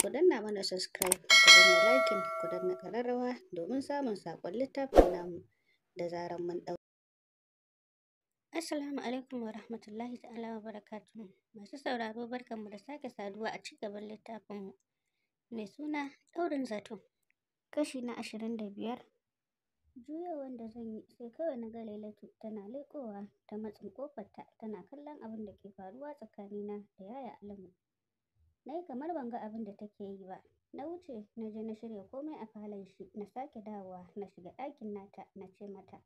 ku danna mana subscribe ku danna liking ku danna kararrawa domin samun saƙon littafin namu da zarar mun ɗau Assalamu alaikum wa rahmatullahi ta'ala wa barakatuhu masu sauraro barkanmu da sake saduwa a cigaban littafinmu mai suna ɗaurin zato kashi na ashirin da biyar Juya wanda zan yi sai kawai na ga Lailatu tana leƙowa ta matsin ƙofarta tana kallon abin da ke faruwa tsakanina da yaya Alamu na yi kamar ban ga abin da take yi ba na wuce na je na shirya komai a falon shi na sake dawowa na shiga ɗakin nata na ce mata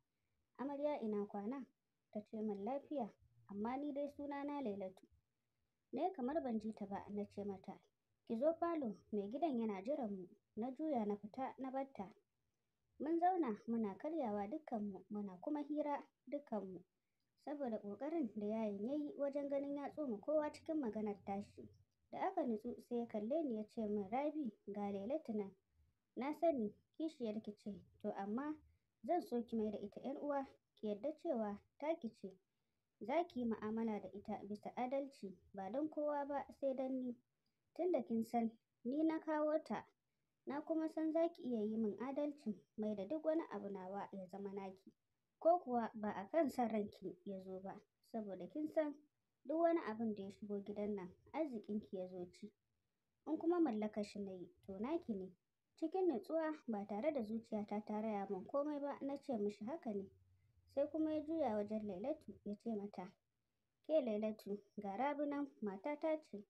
amarya ina kwana ta ce min lafiya amma ni dai suna na lailatu na yi kamar ban ji ta ba na ce mata ki zo falo mai gidan yana jiran mu na juya na fita na batta mun zauna muna karyawa dukkanmu muna kuma hira dukkanmu saboda ƙoƙarin da yayin ya yi wajen ganin ya tsoma kowa cikin maganar tashi da aka nutsu sai ya kalle ni ya ce min Rabi ga Lailatu nan na sani kishiyar ki ce to amma zan so ki mai da ita ‘yar uwa ki yarda cewa taki ce za ki yi mu'amala da ita bisa adalci ba don kowa ba sai don ni tunda kin san ni na kawo ta na kuma san za ki iya yi min adalci mai da duk wani abu nawa ya zama naki ko kuwa ba a kan son ranki ya zo ba saboda kin san Duk wani abin da ya shigo gidan nan arziƙinki ya zo ci, in kuma mallaka shi na to naki ne. Cikin nutsuwa ba tare da zuciyata ta raya min komai ba na ce mishi haka ne, sai kuma ya juya wajen Lailatu ya ce mata, Ke Lailatu ga Rabi nan matata ce,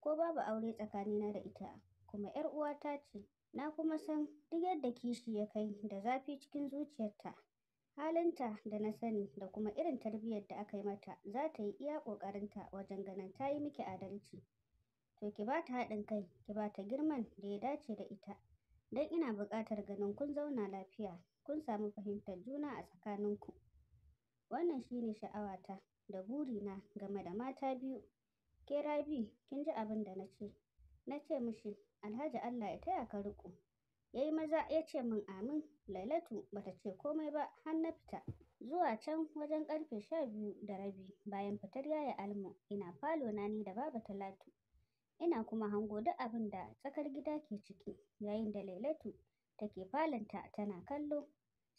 ko babu aure tsakanina da ita, kuma 'yar uwata ce, na kuma san duk yadda kishi ya kai da zafi cikin zuciyarta halinta da na sani da kuma irin tarbiyyar da aka yi mata za ta yi iya ƙoƙarinta wajen ganin ta yi miki adalci to ki ba ta haɗin kai ki ba ta girman da ya dace da ita don ina buƙatar ganin kun zauna lafiya kun samu fahimtar juna a tsakaninku wannan shine sha'awata da burina game da mata biyu ke rabi kin ji abin da na ce na ce mishi alhaji allah ya taya ka riƙo ya yi maza ya ce min amin lailatu bata ce komai ba har na fita zuwa can wajen karfe sha biyu da rabi bayan fitar yaya almu ina falo na ni da baba talatu ina kuma hango duk abin da tsakar gida ke ciki yayin da lailatu take falonta tana kallo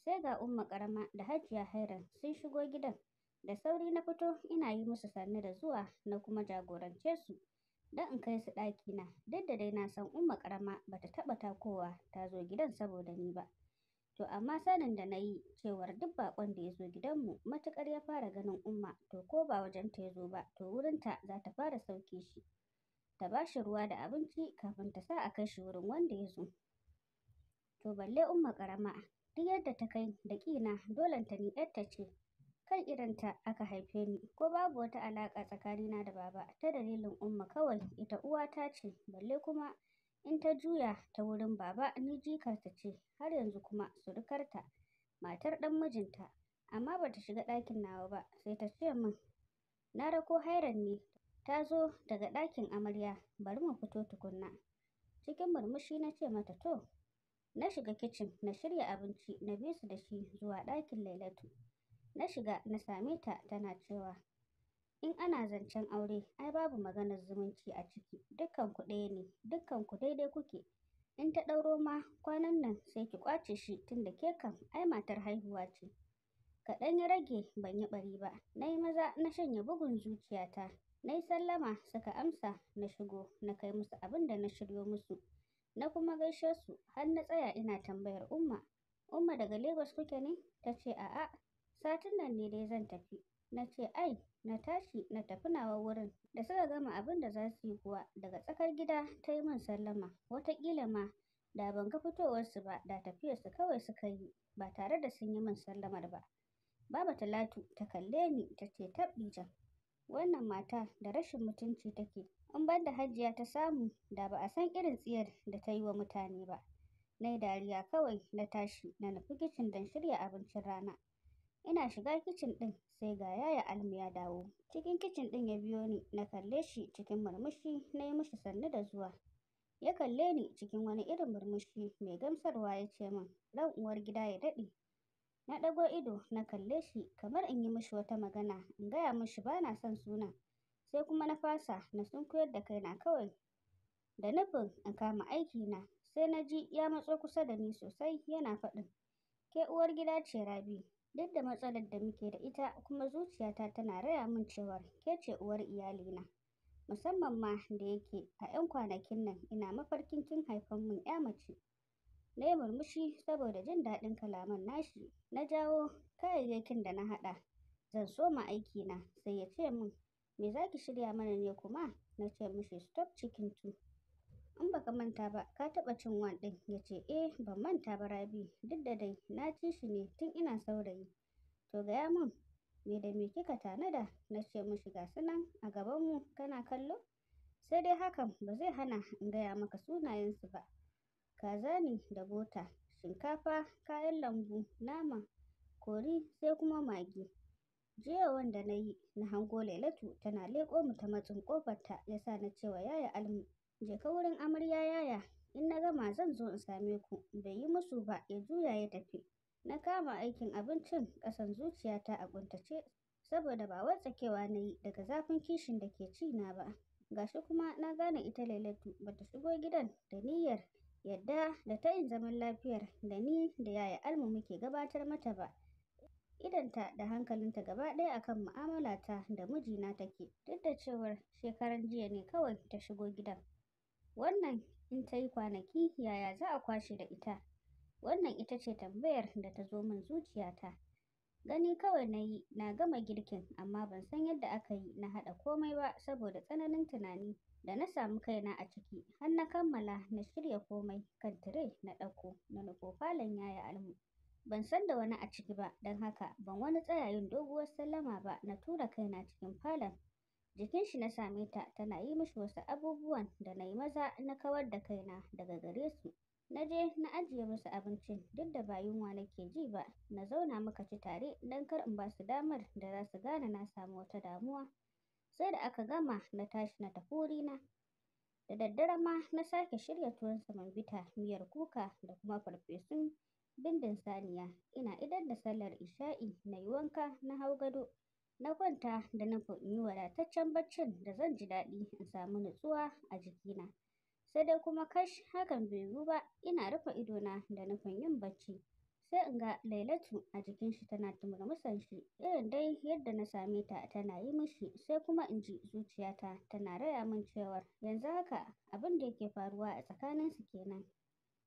sai ga umma karama da hajiya hairan sun shigo gidan da sauri na fito ina yi musu sannu da zuwa na kuma jagorance su don in kai su ɗakina duk da dai na san umma karama bata taɓa takowa ta zo gidan saboda ni ba to amma sanin da na yi cewar duk baƙon da ya zo gidanmu matuƙar ya fara ganin umma to ko ba wajen ta ya zo ba to wurinta za ta fara sauke shi ta ba shi ruwa da abinci kafin ta sa a kai shi wurin wanda ya zo to balle umma ƙarama duk yadda ta kai da ƙina dolen ta ni ta ce kan idanta aka haife ni ko babu wata alaƙa tsakanina da baba ta dalilin umma kawai ita uwata ce balle kuma in ta juya ta wurin baba ni jikarta ce har yanzu kuma surukarta matar ɗan mijinta amma bata shiga ɗakin nawa ba sai ta ce min na rako hairan ne ta zo daga ɗakin amarya bari mu fito tukunna cikin murmushi na ce mata to na shiga kicin na shirya abinci na bi su da shi zuwa ɗakin lailatu Na shiga na same ta tana cewa in ana zancen aure ai babu maganar zumunci a ciki dukkan ku ɗaya ne dukkan ku daidai kuke in ta ɗauro ma kwanan nan sai ki ƙwace shi tunda ke kam ai matar haihuwa ce. Kaɗan ya rage ban yi ɓari ba na yi maza na shanya bugun zuciyata na yi sallama suka amsa na shigo na kai musu abin da na shiryo musu na kuma gaishe su har na tsaya ina tambayar umma umma daga Lagos kuke ne ta ce a'a satin nan ne dai zan tafi na ce ai na tashi na tafi nawa wurin da suka gama abin da za su yi kuwa daga tsakar gida ta yi min sallama wataƙila ma da ban ga fitowarsu ba da tafiyarsu kawai suka yi ba tare da sun yi min sallamar ba baba talatu ta kalle ni ta ce tabbijan wannan mata da rashin mutunci take in ban da hajiya ta samu da ba a san irin tsiyar da ta yi wa mutane ba na yi dariya kawai na tashi na nufi kicin don shirya abincin rana Ina shiga kicin ɗin sai ga yaya Almu ya dawo. Cikin kicin ɗin ya biyo ni na kalle shi cikin murmushi na yi mishi sannu da zuwa. Ya kalle ni cikin wani irin murmushi mai gamsarwa ya ce min ran uwar gida ya daɗe. Na ɗago ido na kalle shi kamar in yi mishi wata magana in gaya mishi ba na son suna." Sai kuma na fasa na sunkuyar da kaina kawai da nufin in kama aikina sai na ji ya matso kusa da ni sosai yana faɗin ke uwar gida ce Rabi duk da matsalar da muke da ita kuma zuciyata tana raya min cewa ke ce uwar iyalina musamman ma da yake a 'yan kwanakin nan ina mafarkin kin haifan min 'ya mace na yi murmushi saboda jin daɗin kalaman nashi na jawo kayayyakin da na haɗa zan soma aiki na sai ya ce min me za ki shirya mana ne kuma na ce mishi stop cikin tu in baka manta ba ka taɓa cin wan ɗin ya ce eh ban manta ba rabi duk da dai na ci shi ne tun ina saurayi to gaya mun me da me kika tanada na ce mishi ga sunan a gaban mu kana kallo sai dai hakan ba zai hana in gaya maka sunayensu ba kaza ne da bota shinkafa kayan lambu nama kori sai kuma magi jiya wanda na yi na hango lailatu tana leƙo mu ta matsin ƙofarta ya sa na cewa yaya almu je ka wurin amarya yaya in na gama zan zo in same ku bai yi musu ba ya juya ya tafi na kama aikin abincin ƙasan zuciyata a ƙuntace saboda ba watsakewa na yi daga zafin kishin da ke ci na ba shi kuma na gane ita lailatu bata shigo gidan da niyyar yadda da ta yin zaman lafiyar da ni da yaya almu muke gabatar mata ba idanta da hankalinta gaba ɗaya akan ta da mijina take duk da cewar shekaran jiya ne kawai ta shigo gidan Wannan in ta yi kwanaki yaya za a kwashe da ita? Wannan ita ce tambayar da ta zo min zuciyata. Gani kawai nayi na gama girkin amma ban san yadda aka yi na haɗa komai ba saboda tsananin tunani da na samu kaina a ciki har na kammala na shirya komai kan tire na ɗauko na nufo falon yaya almu. Ban san da wani a ciki ba don haka ban wani tsaya yin doguwar sallama ba na tura kaina cikin falon jikin shi na same ta tana yi mishi wasu abubuwan da na yi maza na kawar da kaina daga gare su na je na ajiye musu abincin duk da ba yunwa nake ji ba na zauna muka ci tare don kar in ba su damar da za su gane na samu wata damuwa sai da aka gama na tashi na tafi wurina da daddare ma na sake shirya tuwon saman bita miyar kuka da kuma farfesun bindin saniya ina idan da sallar isha'i na yi wanka na hau gado na kwanta da nufin in yi wadataccen baccin da zan ji daɗi in samu nutsuwa a jikina. Sai dai kuma kash hakan bai yiwu ba ina rufe idona da nufin yin bacci. Sai in ga Lailatu a jikin shi tana murmusan shi irin dai yadda na same ta tana yi mishi sai kuma in ji zuciyata tana raya min cewar yanzu haka abin da yake faruwa a su kenan.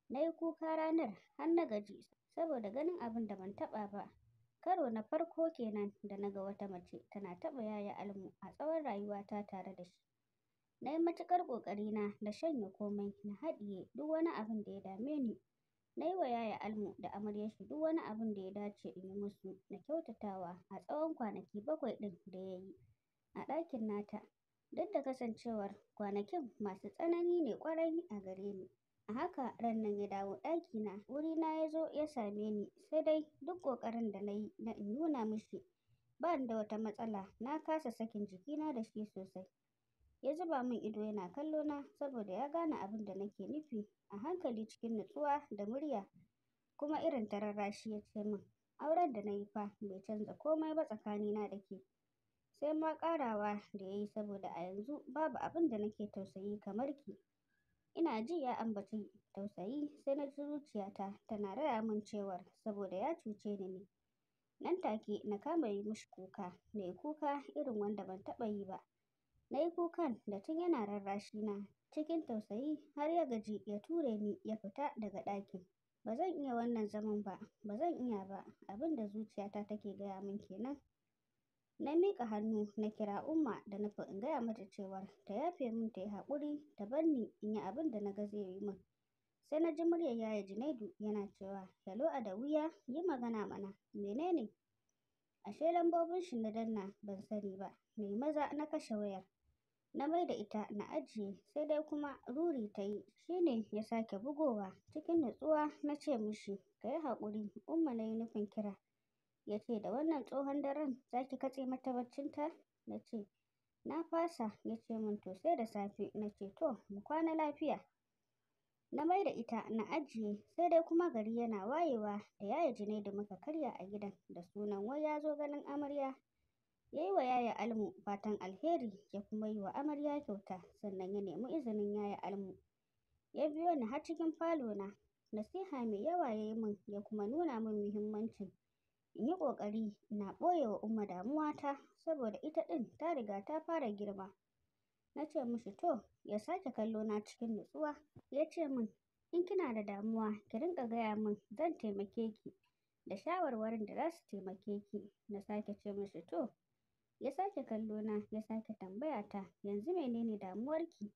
Na yi kuka ranar har na gaji saboda ganin abin da ban taɓa ba Karo na farko kenan da na ga wata mace tana taɓa Yaya Almu a tsawon rayuwata tare da shi. Na yi matuƙar ƙoƙarina da shanye komai na haɗiye duk wani abin da ya dame ni. Na yi wa Yaya Almu da amaryarshi duk wani abin da ya dace in yi musu na kyautatawa a tsawon kwanaki bakwai ɗin da ya yi a ɗakin nata duk da kasancewar kwanakin masu tsanani ne ƙwarai a gare ni. A haka ran nan ya dawo ɗakina, na ya zo ya same ni, sai dai duk ƙoƙarin da na yi na in nuna mishi bani da wata matsala na kasa sakin jikina da shi sosai. Ya zuba min ido yana kallo na saboda ya gane abin da nake nufi a hankali cikin nutsuwa da murya kuma irin ta rarrashi ya ce min auren da na yi fa bai canza komai ba tsakanina da ke. Sai ma ƙarawa da ya yi saboda a yanzu babu abin da nake tausayi kamar ki. Ina ji ya ambaci tausayi sai na ji zuciyata tana raya min cewar saboda ya cuce ni ne. Nan take na kama yi mishi kuka, na yi kuka irin wanda ban taɓa yi ba. Na yi kukan da tun yana rarrashi na cikin tausayi har ya gaji ya ture ni ya fita daga ɗakin. Ba zan iya wannan zaman ba, ba zan iya ba, abin da zuciyata take gaya min kenan. na miƙa hannu na kira umma da nufi in gaya mata cewa ta yafe min ta yi haƙuri ta banni in yi abin da na ga zai yi min sai na ji muryar yaya junaidu yana cewa hello a da wuya yi magana mana menene ashe lambobin shi na danna ban sani ba mai maza na kashe wayar na mai da ita na ajiye sai dai kuma ruri ta yi shine ya sake bugowa cikin nutsuwa na ce mishi ka yi haƙuri umma na yi nufin kira ya ce da wannan tsohon daren za ki katse mata baccinta na ce na fasa ya ce min to sai da safe na ce to mu kwana lafiya na mai da ita na ajiye sai dai kuma gari yana wayewa da yaya jini da muka karya a gidan da sunan wai ya ganin amarya ya yi wa yaya almu fatan alheri ya kuma yi wa amarya kyauta sannan ya nemi izinin yaya almu ya biyo ni har cikin falo na nasiha mai yawa ya yi min ya kuma nuna min muhimmancin in yi ƙoƙari na ɓoye wa Umma damuwata saboda ita ɗin ta riga ta fara girma. Na ce mishi to ya sake kallo na cikin nutsuwa ya ce min in kina da damuwa ki rinƙa gaya min zan taimake ki da shawarwarin da za su taimake ki na sake ce mishi to ya sake kallo na ya sake tambaya ta yanzu menene damuwarki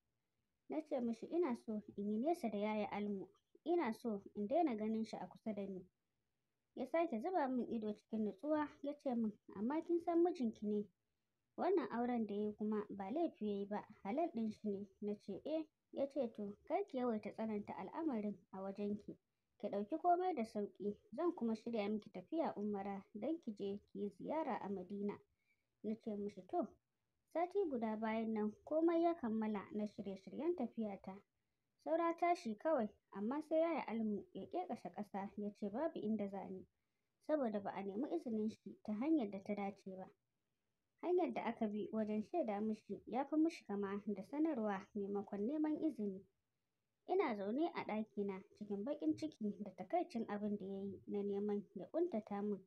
na ce mishi ina so in yi nesa da yaya almu ina so in daina ganin shi a kusa da ni ya sake zuba min ido cikin nutsuwa ya ce min amma kin san mijinki ne wannan auren da ya yi kuma ba laifi ya yi ba halal ɗin shi ne na ce eh ya ce to kar ki yawaita tsananta al'amarin a wajenki ki ɗauki komai da sauƙi zan kuma shirya miki tafiya umara don ki je ki yi ziyara a madina na ce mishi to sati guda bayan nan komai ya kammala na shirye-shiryen tafiyata Saura tashi kawai, amma sai ya yi Almu ya ƙeƙashe ƙasa ya ce babu inda za ni, saboda ba a nemi izinin shi ta hanyar da ta dace ba. Hanyar da aka bi wajen shaida mishi ya fi mishi kama da sanarwa maimakon neman izini. Ina zaune a ɗakina cikin baƙin ciki da takaicin abin da ya yi na neman ya ƙuntata min.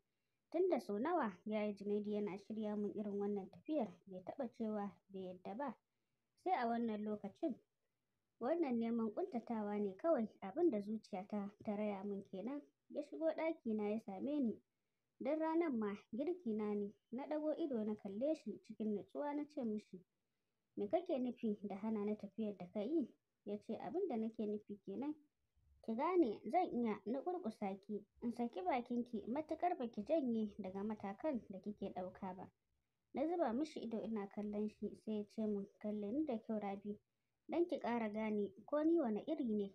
Tun da sau nawa ya yi Junaidu yana shirya min irin wannan tafiyar bai taɓa cewa bai yadda ba, sai a wannan lokacin. Wannan neman ƙuntatawa ne kawai abin da zuciyata ta raya min kenan ya shigo ɗakina ya same ni, don ranar ma girkina ne na ɗago ido na kalle shi cikin nutsuwa na ce mishi, me kake nufi da hana na tafiyar da ka yi? Ya ce abin da nake nufi kenan. Ki gane zan iya na ƙurƙusa ki in saki bakinki matuƙar baki janye daga matakan da kike ɗauka ba. Na zuba mishi ido ina kallon shi sai ya ce min kalle ni da kyau Rabi don ki ƙara gane ko ni wane iri ne.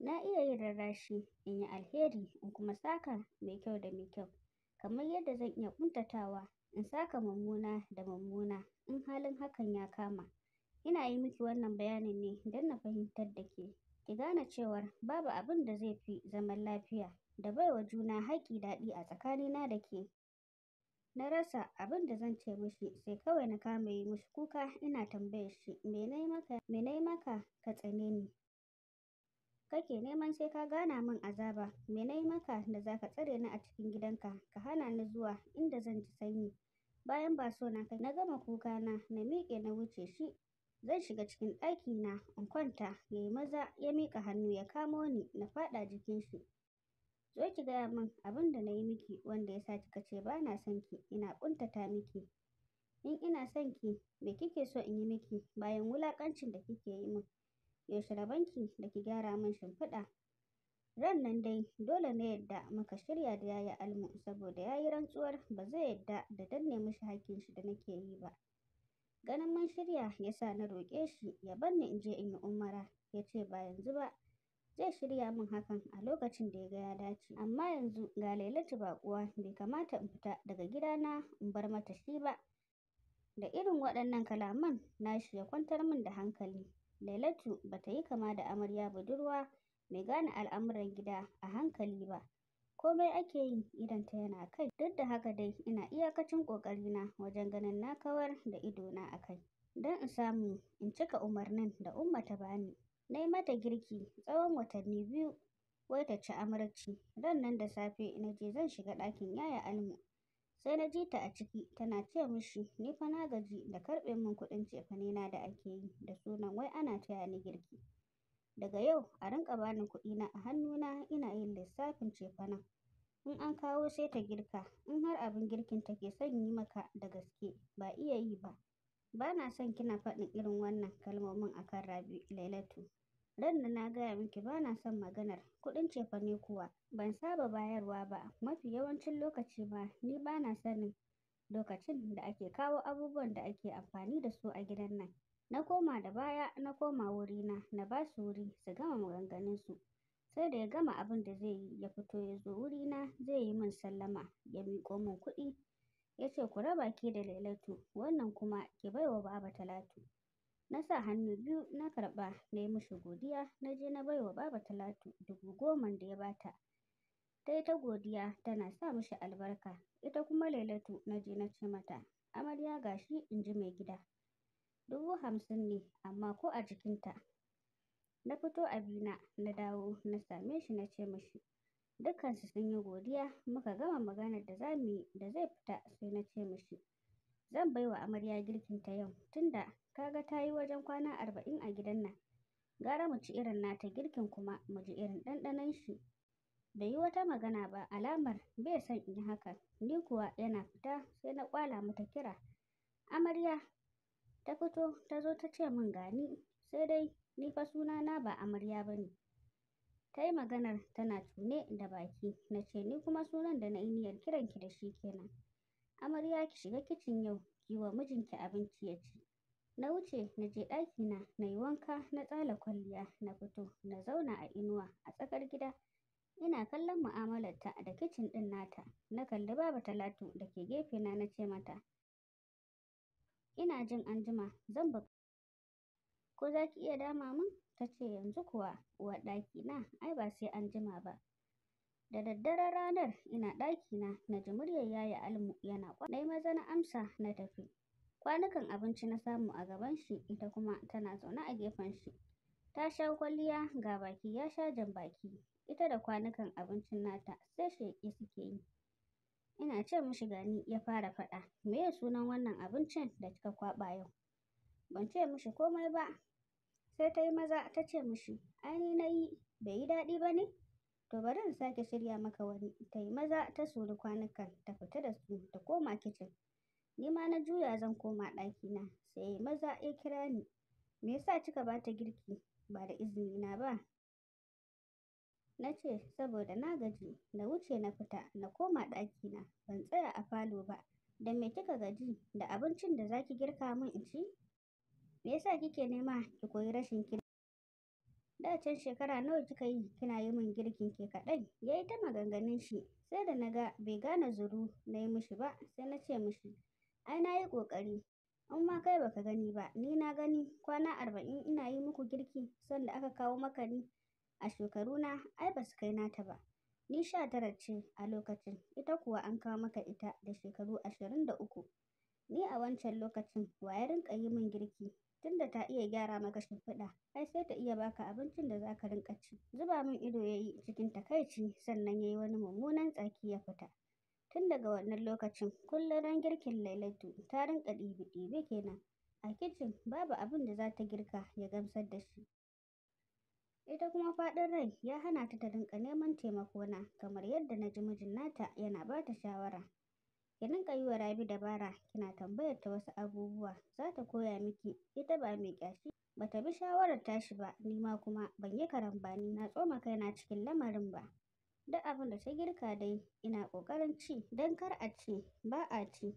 Na iya yin rarrashi, in yi alheri in kuma saka mai kyau da mai kyau, kamar yadda zan iya ƙuntatawa in saka mummuna da mummuna in halin hakan ya kama. Ina yi miki wannan bayanin ne don na fahimtar da ke, ki gane cewar babu abin da zai fi zaman lafiya da baiwa juna haƙƙi daɗi a tsakanina da ke. Na rasa abin da zan ce mishi sai kawai na kama yi mishi kuka ina tambayar shi me na yi maka ka tsane ni. Kake neman sai ka gana min azaba me na yi maka da za ka tsare ni a cikin gidanka ka hana ni zuwa inda zan ji sanyi. Bayan ba so na kai na gama kuka na na miƙe na wuce shi zan shiga cikin ɗaki na, in kwanta ya yi maza ya miƙa hannu ya kamo ni na faɗa jikin shi. zo ki gaya min abin da na yi miki wanda ya sa kika ce ba na son ki ina ƙuntata miki in ina son ki me kike so in yi miki bayan wulaƙancin da kike yi min yaushe rabanki da ki gyara min shimfiɗa ran nan dai dole na yadda muka shirya da yayi almu saboda yayi rantsuwar ba zai yadda da danne mishi hakkin shi da nake yi ba ganin mun shirya yasa na roƙe shi ya bar ni in je in yi umara ya ce ba yanzu ba zai shirya min hakan a lokacin da ya ga ya dace amma yanzu ga lailatu baƙuwa bai kamata in fita daga gidana in bar mata shi ba da irin waɗannan kalaman nashi ya kwantar min da hankali lailatu ba ta yi kama da amarya budurwa mai gane al'amuran gida a hankali ba komai ake yi idan ta yana kai duk da haka dai ina iyakacin ƙoƙarina wajen ganin na kawar da idona a kai don in samu in cika umarnin da umma ta bani Na mata girki tsawon watanni biyu wai ta ci amarci. Ran nan da safe na je zan shiga ɗakin Yaya Almu. Sai na ji ta a ciki tana ce mishi ni fa na gaji da karɓe min kuɗin cefane na da ake yi da sunan wai ana taya ni girki. Daga yau a rinƙa bani na a hannuna ina yin lissafin cefanen. In an kawo sai ta girka, in har abin girkin take son yi maka da gaske ba iya yi ba. Ba na son kina faɗin irin wannan kalmomin a kan Rabi, Lailatu. Dan da na gaya miki ba na son maganar kuɗin cefane kuwa ban saba bayarwa ba mafi yawancin lokaci ma ni ba na sanin lokacin da ake kawo abubuwan da ake amfani da su a gidan nan. Na koma da baya na koma wurina na ba su wuri su gama maganganun su sai da ya gama abin da zai yi ya fito ya zo wurina zai yi min sallama ya miƙo min kuɗi ya ce ku raba ke da Lailatu wannan kuma ki baiwa Baba Talatu. na sa hannu biyu na karɓa na yi mishi godiya na je na baiwa baba talatu dubu goma da ya bata ta yi ta godiya tana sa mishi albarka ita kuma lailatu na je na ce mata amarya gashi in ji mai gida dubu hamsin ne amma ko a jikinta na fito a abina na dawo na same shi na ce mishi dukkansu sun yi godiya muka gama maganar da za mu yi da zai fita sai na ce mishi zan baiwa wa amarya girkinta yau tunda Ka ga ta yi wajen kwana arba'in a gidan nan. Gara mu ci irin nata girkin kuma mu ji irin ɗanɗanon shi. Bai yi wata magana ba alamar bai san in haka, ni kuwa yana fita sai na ƙwala mata kira. Amarya ta fito ta zo ta ce min gani sai dai ni fa suna na ba amarya ba ne. Ta yi maganar tana tune da baki na ce ni kuma sunan da na yi niyyar kiranki da shi kenan. Amarya ki shiga kicin yau ki wa mijinki abinci ya ci. Na wuce na je ɗakina na yi wanka na tsala kwalliya na fito na zauna a inuwa a tsakar gida ina kallon mu'amalarta da kicin ɗin nata na kalli Babu Talatu da ke gefena na ce mata ina jin anjima zan buƙaci ko za ki iya dama min ta ce yanzu kuwa uwar ɗakina ai ba sai anjima ba da daddaren ranar ina ɗakina na ji muryar yaya almu yana kwa na yi maza na amsa na tafi Kwanukan abinci na samu a gaban shi, ita kuma tana zaune a gefen shi. Ta sha kwalliya ga baki ya sha jan baki, ita da kwanukan abincin nata sai sheƙi suke yi. Ina ce mishi gani ya fara faɗa, Me ya sunan wannan abincin da kika kwaɓa yau? Ban ce mishi komai ba, sai ta yi maza ta ce mishi, ai ni na yi, bai yi daɗi ba ne? To bari in sake shirya maka wani, ta yi maza ta suri kwanukan ta fita da su ta koma kicin. Ni ma na juya zan koma ɗakina sai maza ya kira ni. Me yasa kika bata girki ba da izini na ba? Na ce saboda na gaji na wuce na fita na koma ɗakina ban tsaya a falo ba. Da me kika gaji da abincin da za ki girka min in ci? Me yasa kike nema ki koyi rashin kirki? Da can shekara nawa kika yi kina yi min girkin ke kaɗai? Ya yi ta maganganun shi sai da na ga bai gane zuru na yi mishi ba sai na ce mishi Ai na yi ƙoƙari, in ma kai baka gani ba, ni na gani kwana arba'in ina yi muku girki sanda aka kawo maka ni. A na. ai ba su kai nata ba. Ni sha tara ce a lokacin, ita kuwa an kawo maka ita da shekaru ashirin da uku. Ni a wancan lokacin wa ya rinƙa yi min girki tunda ta iya gyara maka shimfiɗa ai sai ta iya baka abincin da zaka ka rinƙa ci. Zuba min ido ya yi cikin takaici sannan ya yi wani mummunan tsaki ya fita. Tun daga wannan lokacin, kullum ran girkin Lailatu ta rinƙa ɗibe-ɗibe kenan. A kicin babu abin da za ta girka ya gamsar da shi. Ita kuma faɗin rai ya hana ta ta rinƙa neman taimako na kamar yadda na ji mijin nata yana ba ta shawara. Ki rinƙa yi wa Rabi dabara kina tambayar ta wasu abubuwa za ta koya miki ita ba mai ƙyashi bata bi shawarar tashi ba nima kuma ban yi karambani na tsoma kaina cikin lamarin ba. Duk abin da ta girka dai ina ƙoƙarin ci don kar a ce ba a ci.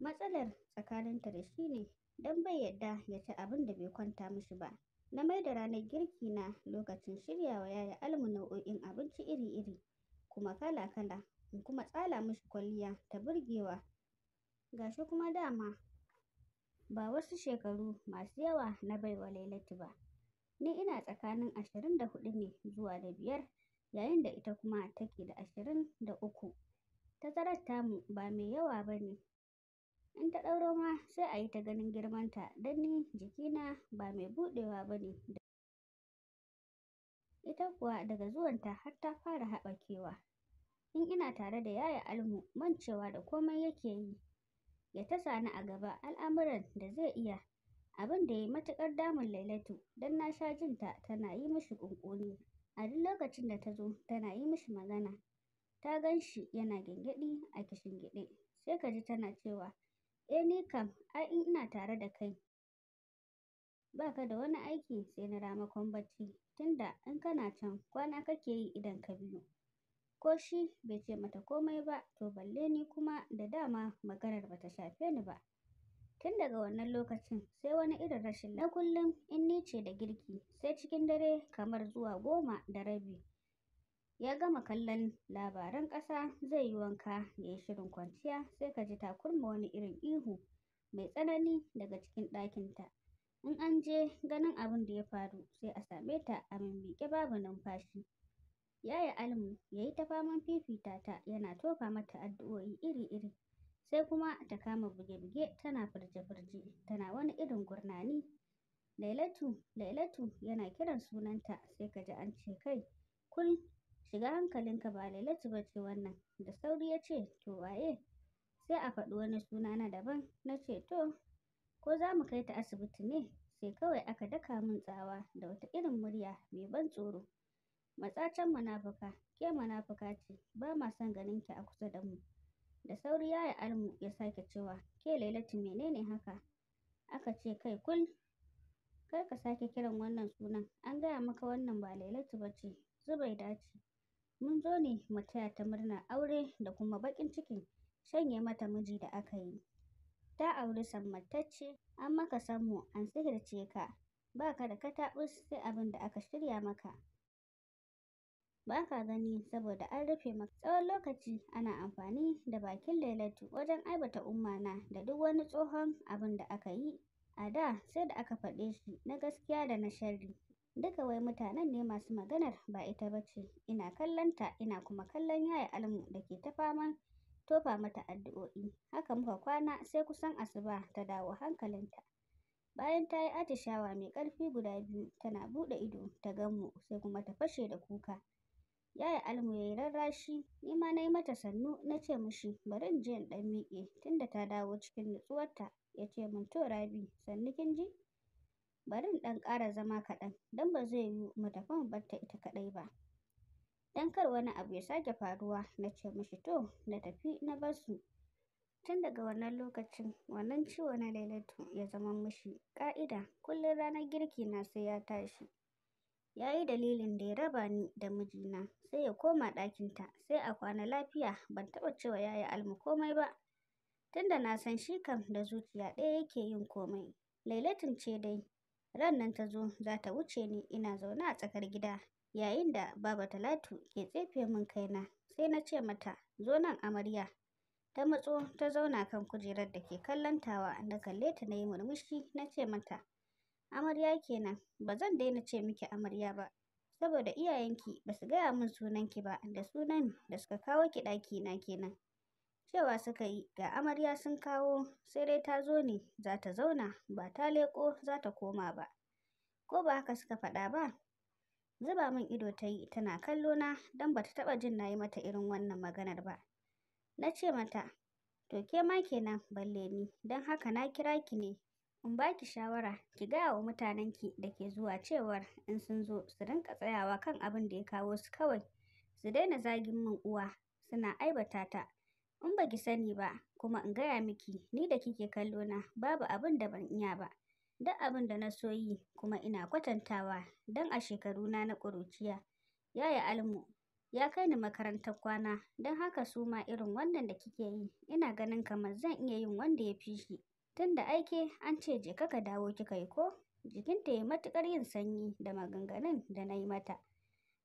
Matsalar tsakaninta da shi ne don bai yadda ya ci abin da bai kwanta mishi ba. Na mai da ranar girki na lokacin shirya wa Yaya Almu nau'o'in abinci iri-iri kuma kala-kala in kuma tsala mishi kwalliya ta burgewa. Ga shi kuma dama ba wasu shekaru masu yawa na baiwa Lailatu ba. Ni ina tsakanin ashirin da hudu ne zuwa da biyar. yayin da ita kuma take da ashirin da uku. Tazarar tamu ba mai yawa ba ne. In ta ɗauro ma sai a yi ta ganin girmanta don ni jikina ba mai buɗewa ba ne. Ita kuwa daga zuwanta har ta fara haɓakewa. In ina tare da yaya almu mancewa da komai yake yi. Ya tasa ni a gaba al'amuran da zai iya abin da ya yi matuƙar damun lailatu don na sha jinta tana yi mishi ƙunƙuni A duk lokacin da ta zo tana yi mishi magana, ta gan shi yana gyangyaɗi a kishingiɗe, sai ka ji tana cewa, "Eh ni kam ai in ina tare da kai ba ka da wani aiki sai na ramakon bacci, tunda in kana can kwana kake yi idan ka biyu." Ko shi bai ce mata komai ba, to balle ni kuma da dama maganar bata shafe ni ba. Tun daga wannan lokacin sai wani irin rashin na kullum in ni ce da girki sai cikin dare kamar zuwa goma da rabi. Ya gama kallon labaran ƙasa zai yi wanka ya yi shirin kwanciya sai ka ji ta wani irin ihu mai tsanani daga cikin ɗakinta. In an je ganin abin da ya faru sai a same ta a mimmiƙe babu numfashi. Yaya Almu ya yi ta faman fifita ta yana tofa mata addu'o'i iri-iri. sai kuma ta kama buge-buge tana firje-firje tana wani irin gurnani lailatu lailatu yana kiran sunanta sai ka ji an ce kai kun shiga hankalinka ba lailatu ba ce wannan da sauri ya ce to waye sai a faɗi wani suna na daban na ce to ko za mu kai ta asibiti ne sai kawai aka daka min tsawa da wata irin murya mai ban tsoro matsacen munafuka ke munafuka ce ba ma son ganin ki a kusa da mu da sauri ya yi almu ya sake cewa ke lailatu menene haka aka ce kai kul kar ka sake kiran wannan sunan an gaya maka wannan ba lailatu ba ce zubai dace mun zo ne mu taya ta murna aure da kuma baƙin cikin shanye mata miji da aka yi ta auri sammatacce an maka samu. an sihirce ka ba ka da katabus sai abin da aka shirya maka ba ka gani saboda an rufe maka tsawon lokaci ana amfani da bakin lailatu wajen aibata na da duk wani tsohon abin da aka yi a da sai da aka faɗe shi na gaskiya da na sharri duka wai mutanen ne masu maganar ba ita ba ce ina kallonta ina kuma kallon yaya almu da ke ta fama tofa mata addu'o'i haka muka kwana sai kusan asuba ta dawo hankalinta bayan ta yi atishawa mai ƙarfi guda biyu tana buɗe ido ta gan mu sai kuma ta fashe da kuka Yaya Almu ya yi rarrashi, ni ma na yi mata sannu na ce mishi bari je in ɗan miƙe tunda ta dawo cikin nutsuwarta. Ya ce min to Rabi sannu kin ji? Bari in ɗan ƙara zama kaɗan don ba zai yiwu mu tafi mu bar ta ita kaɗai ba. dan kar wani abu ya sake faruwa na ce mushi, to na tafi na bar su. Tun daga wannan lokacin wannan ciwo na Lailatu ya zama mishi ka'ida kullum ranar girki na sai ya tashi. ya yi dalilin da ya raba ni da mijina sai ya koma ɗakinta sai a kwana lafiya ban taɓa cewa yaya almu komai ba tunda na san shi kam da zuciya ɗaya yake yin komai lailatin ce dai ran nan ta zo za ta wuce ni ina zaune a tsakar gida yayin da baba talatu ke tsefe min kaina sai na ce mata zo nan amarya ta matso ta zauna kan kujerar da ke kallon tawa na kalle ta na yi murmushi na ce mata amarya kenan ba zan daina ce miki amarya ba saboda iyayenki ba su gaya min sunanki ba da sunan da suka kawo ki na kenan cewa suka yi ga amarya sun kawo sai dai ta zo ne za ta zauna ba ta leƙo za ta koma ba ko ba haka suka faɗa ba zuba min ido ta yi tana kallo na don ba ta taɓa jin na yi mata irin wannan maganar ba na ce mata to ke ma kenan balle ni don haka na kira ki ne In ba ki shawara ki gaya wa mutanen ki da ke zuwa cewar in sun zo su rinka tsayawa kan abin da ya kawo su kawai, su daina zagin min uwa suna aibata ta. In ba ki sani ba kuma in gaya miki ni da kike kallo na babu abin da ban iya ba. Duk abin da na so yi kuma ina kwatantawa don a shekaru na ƙuruciya. Yaya Almu ya kai ni makarantar kwana don haka su ma irin wannan da kike yi ina ganin kamar zan iya yin wanda ya fi shi. Tun da aiki an ce je ka dawo kika yi ko jikinta ya matuƙar yin sanyi da maganganun da na yi mata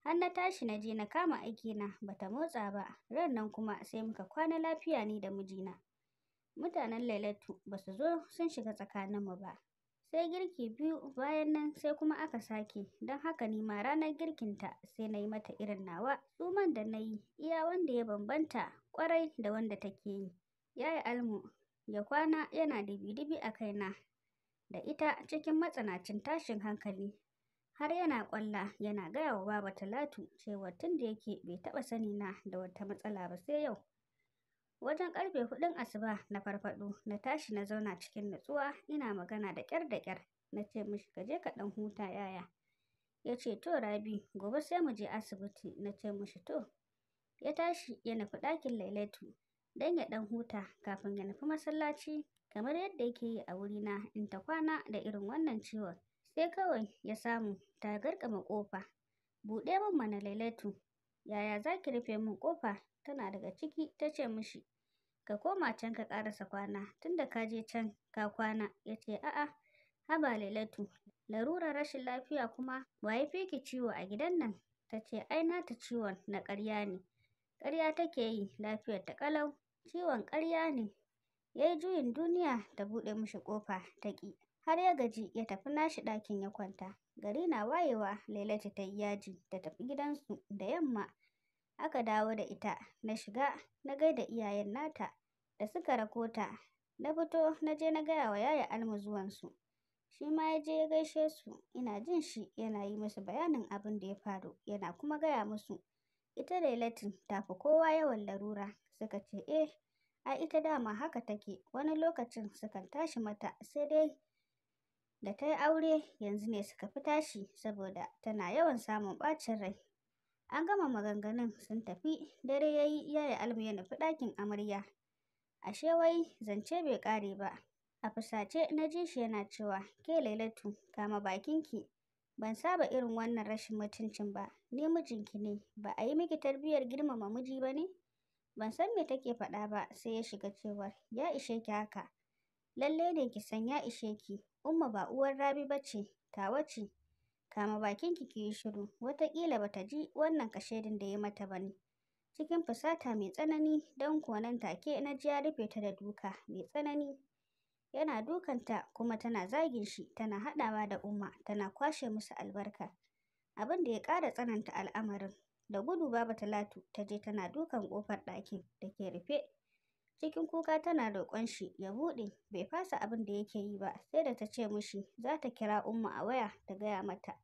har na tashi na je na kama aiki aikina bata motsa ba ran nan kuma sai muka kwana lafiya ni da mijina mutanen lailatu ba su zo sun shiga tsakanin mu ba sai girki biyu bayan nan sai kuma aka sake don haka ni ma ranar girkinta sai na yi mata irin nawa tsuman da na yi iya wanda ya bambanta kwarai da wanda take yi yaya almu ya kwana yana dibi-dibi a kaina da ita cikin matsanancin tashin hankali har yana kwalla yana gaya wa baba talatu cewa tun da yake bai taɓa sani na da wata matsala ba sai yau wajen karfe hudun asuba na farfado na tashi na zauna cikin natsuwa ina magana da kyar da kyar na ce mishi ka je ka dan huta yaya ya ce to rabi gobe sai mu je asibiti na ce mishi to ya tashi ya nufi ɗakin lailatu don ya ɗan huta kafin ya nufi masallaci kamar yadda yake yi a wurina in ta kwana da irin wannan ciwon sai kawai ya samu ta garkama ƙofa buɗe min mana lailatu yaya za ki rufe min ƙofa tana daga ciki ta ce mishi ka koma can ka ƙarasa kwana tunda ka je can ka kwana ya ce a'a haba lailatu larurar rashin lafiya kuma waye fiki ciwo a gidan nan ta ce ai nata ciwon na ƙarya ne ƙarya take yi lafiyar ta ƙalau ciwon ƙarya ne ya yi juyin duniya da buɗe mishi ƙofa ta ƙi har ya gaji ya tafi nashi ɗakin ya kwanta gari na wayewa lailatu ta yi yaji ta tafi gidansu da yamma aka dawo da ita na shiga na gaida iyayen nata da suka rako ta na fito na je na gaya wa yaya almu zuwansu shi ma ya je ya gaishe su ina jin shi yana yi musu bayanin abin da ya faru yana kuma gaya musu ita lailatin ta fi kowa yawan larura suka ce e, eh, a ita dama haka take wani lokacin sukan tashi mata sai dai da ta yi aure yanzu ne suka fi tashi saboda tana yawan samun ɓacin rai an gama maganganun sun tafi dare ya yi yaya almu ya nufi ɗakin amarya ashe wai zance bai ƙare ba a fusace na ji shi yana cewa ke lailatu kama bakinki ban saba irin wannan rashin mutuncin ba ni mijinki ne ba a yi miki tarbiyyar girmama miji ba ne Ban san me take faɗa ba sai ya shiga cewa ya ishe ki haka. Lallai ne ki san ya ishe ki, Umma ba uwar Rabi ba ce, tawa ce. Kama bakin ki yi shiru, wataƙila ba ta ji wannan kashedin da ya mata bane Cikin fusata mai tsanani don konan take na ji ya rufe ta da duka mai tsanani. Yana dukanta kuma tana zagin shi, tana haɗawa da Umma, tana kwashe musu albarka. Abin da ya ƙara tsananta al'amarin. da gudu baba talatu ta je tana dukan kofar ɗakin da ke rufe cikin kuka tana roƙon shi ya buɗe bai fasa abin da yake yi ba sai da ta ce mishi za ta kira umma a waya ta gaya mata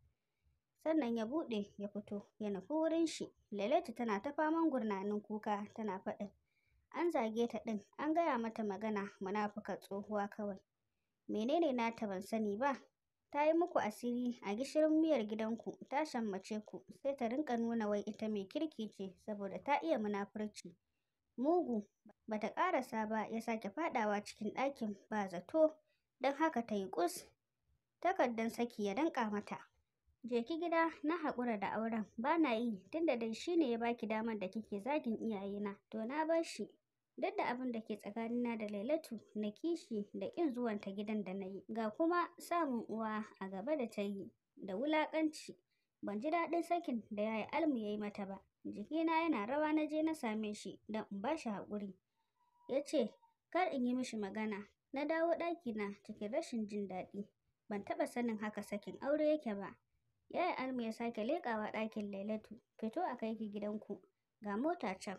sannan ya buɗe ya fito ya nufi wurin shi lalatu tana ta faman gurnanin kuka tana faɗin an zage ta ɗin an gaya mata magana munafuka tsohuwa kawai menene nata ban sani ba ta yi muku asiri a gishirin miyar gidanku ta shammace ku sai ta rinka nuna wai ita mai kirki ce saboda ta iya munafurci mugu bata ƙarasa ba ya sake faɗawa cikin ɗakin ba zato don haka ta yi ƙus takardan saki ya danƙa mata jeki gida na haƙura da auren ba na yi tunda dai shi ne ya baki damar da kike zagin iyayena to na bar shi duk da abin da ke tsakanina da Lailatu na kishi da ƙin zuwanta gidan da na yi, ga kuma samun uwa a gaba da ta yi da wulaƙanci. Ban ji daɗin sakin da yaya Almu ya yi mata ba, jikina yana rawa na je na same shi don in ba shi haƙuri. Ya ce, kar in yi mishi magana, na dawo ɗakina cikin rashin jin daɗi. Ban taɓa sanin haka sakin aure yake ba. Yaya Almu ya sake leƙawa ɗakin Lailatu, fito a kai ki gidanku, ga mota can.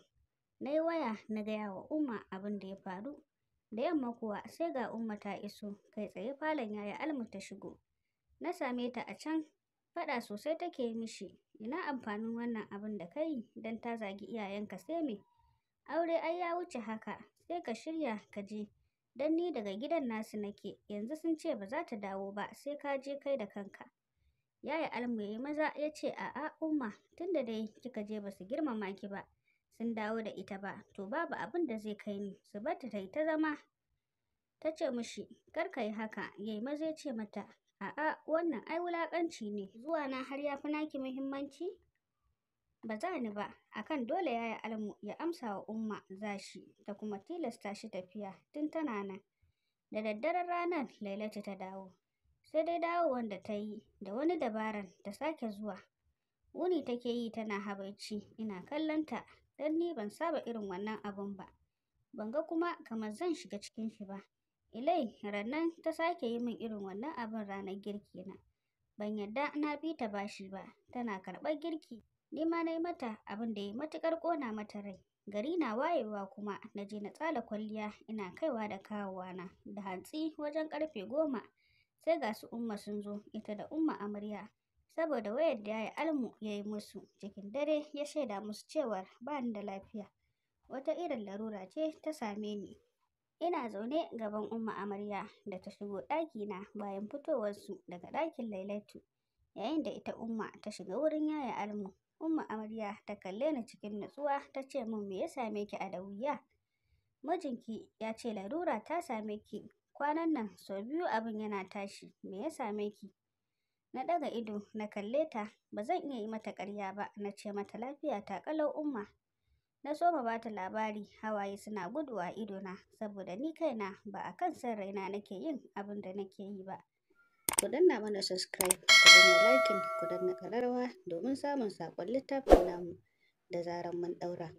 na yi waya na gaya wa umma abin da ya faru da yamma kuwa sai ga umma ta iso kai tsaye falon yaya almu ta shigo na same ta a can faɗa sosai take mishi ina amfanin wannan abin da kai don ta zagi iyayenka sai me aure ai ya wuce haka sai ka shirya ka je don ni daga gidan nasu nake yanzu sun ce ba za ta dawo ba sai ka je kai da kanka yaya almu yi maza ya ce a'a umma tunda dai kika je ba su girmama ki ba sun dawo da ita ba to babu abin da zai kai ni su bar ta yi ta zama ta ce mishi kar ka yi haka yayi maza ya ce mata a'a wannan ai wulaƙanci ne zuwa na har ya fi naki muhimmanci ba za ni ba akan dole yaya almu ya amsa wa umma zashi da kuma tilasta shi tafiya tun tana nan da daddaren ranar lailatu ta dawo sai dai dawo wanda ta yi da wani dabaran ta sake zuwa wuni take yi tana habaici ina kallonta don ni ban saba irin wannan abun ba. Ban ga kuma kamar zan shiga cikin shi ba. Ilai rannan ta sake yi min irin wannan abin ranar girki na. Ban yadda na bi ta bashi ba, tana karɓar girki. Ni ma na mata abin da ya matuƙar ƙona mata rai. Gari na wayewa kuma na je na tsala kwalliya ina kaiwa da kawowa na da hantsi wajen ƙarfe goma. Sai ga su Umma sun zo ita da Umma amarya. saboda wayar da yi almu ya yi musu cikin dare ya shaida musu cewar ba ni da lafiya wata irin larura ce ta same ni ina zaune gaban umma amarya da ta shigo ɗakina bayan fitowarsu daga ɗakin lailatu yayin da ita umma ta shiga wurin yaya almu umma amarya ta kalle ni cikin nutsuwa ta ce min me ya same ki a da wuya mijinki ya ce larura ta same ki kwanan nan sau biyu abin yana tashi me ya same ki Na ɗaga ido na kalle ta, ba zan iya yi mata ƙarya ba, na ce mata lafiya ta ƙalau umma. Na so ma bata labari hawaye suna guduwa a na saboda ni kaina ba a kan son raina nake yin abin da nake yi ba. Ku danna mana subscribe, ku danna like, ku danna kararwa domin samun saƙon littafin namu da zaran mun ɗaura.